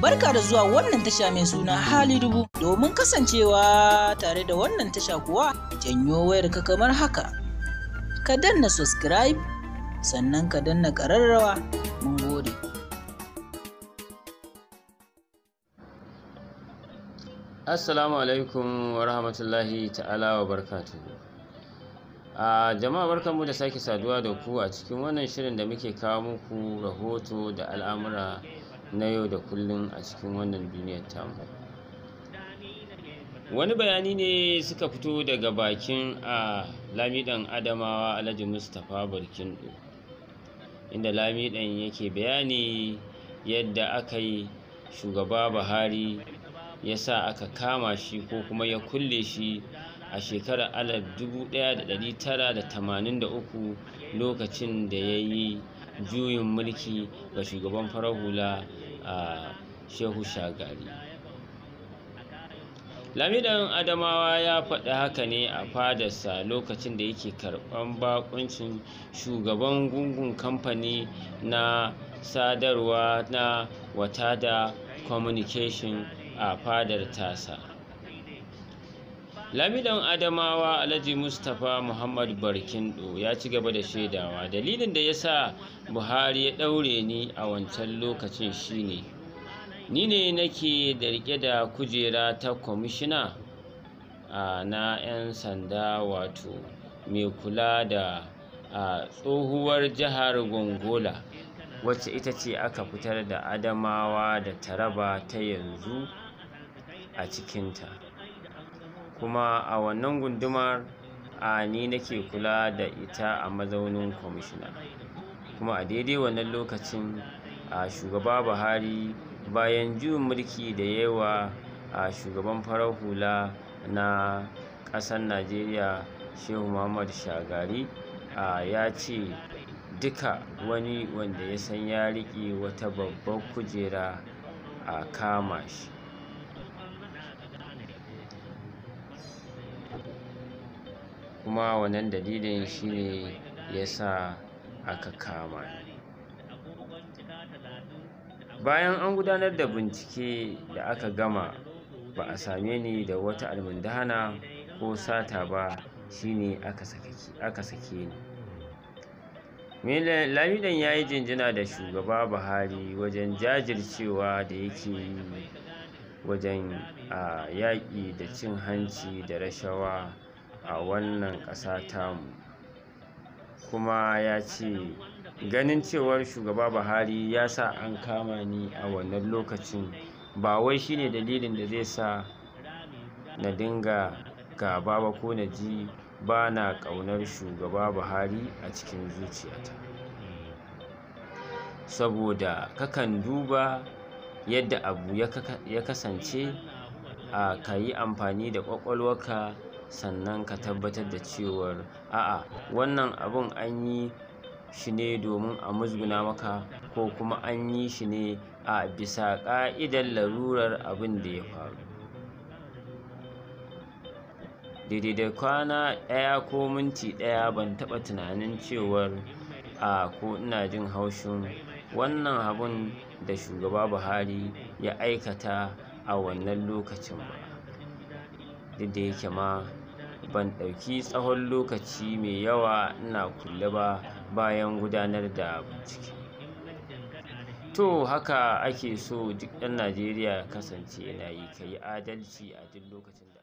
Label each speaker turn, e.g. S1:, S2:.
S1: Barka da zuwa wannan tasha mai suna hali dubu domin kasancewa tare da wannan tasha kuwa janyo wayar ka kamar haka. Ka danna subscribe sannan ka danna kararrawa mun gode. Assalamu alaikum wa rahmatullahi ta'ala wa barakatuhu. a jama'a barkanmu da sake saduwa da ku a cikin wannan shirin da muke kawo muku rahoto da al'amura na yau da kullun a cikin wannan duniyar tamu wani bayani ne suka fito daga bakin a lamidan adamawa alhaji mustapha barkindo inda lamidan yake bayani yadda aka yi shugaba buhari ya sa aka kama shi ko kuma ya kulle shi a shekarar 1983 lokacin da ya yi juyin mulki ga shugaban farar hula a shehu shagari lamidan adamawa ya faɗi haka ne a fadarsa lokacin da yake karɓan bakuncin shugaban gungun kamfani na sadarwa na watada communication a fadar tasa lamidan adamawa alhaji mustapha muhammad barkindo ya ci gaba da shaidawa dalilin da ya sa buhari ya ɗaure ni a wancan lokacin shine ni ne nake da rike da kujera ta kwamishina na 'yan sanda wato mai kula da tsohuwar jihar gongola wacce ita ce aka fitar da adamawa da taraba ta yanzu a cikinta kuma a wannan gundumar a ni nake kula da ita a mazaunin kwamishina kuma a daidai wannan lokacin a shugaba buhari bayan juyin mulki da yawa a shugaban farar hula na ƙasar najeriya shehu muhammad shagari a ya ce duka wani wanda ya san ya riƙe wata babbar kujera a kama shi kuma wannan dalilin shi ne ya sa aka kama ni bayan an gudanar da bincike da aka gama ba a same ni da wata almundahana ko sata ba shi ne aka sake ni lamidan ya yi jinjina da shugaba buhari wajen jajircewa da yake yi wajen a yaƙi da cin hanci da rashawa a wannan ƙasa tamu kuma ya ce ganin cewar shugaba buhari ya sa an kama ni a wannan lokacin ba wai shine dalilin da zai sa na dinga gaba ba ko na ji ba na ƙaunar shugaba buhari a cikin zuciyata saboda kakan duba yadda abu ya kasance a ka yi amfani da ƙwaƙwalwaka. sannan ka tabbatar da cewar a'a wannan abun an yi shi ne domin a musguna maka ko kuma an yi shi ne a bisa ƙa'idar larurar abin da ya faru daidai da kwana ɗaya ko minti ɗaya ban taɓa tunanin cewar a ko ina jin haushin wannan abun da shugaba buhari ya aikata a wannan lokacin ba duk da yake ma ban ɗauki tsawon lokaci mai yawa ina kulle ba bayan gudanar da bincike to haka ake so duk ɗan najeriya kasance yana yi ka yi adalci a duk lokacin da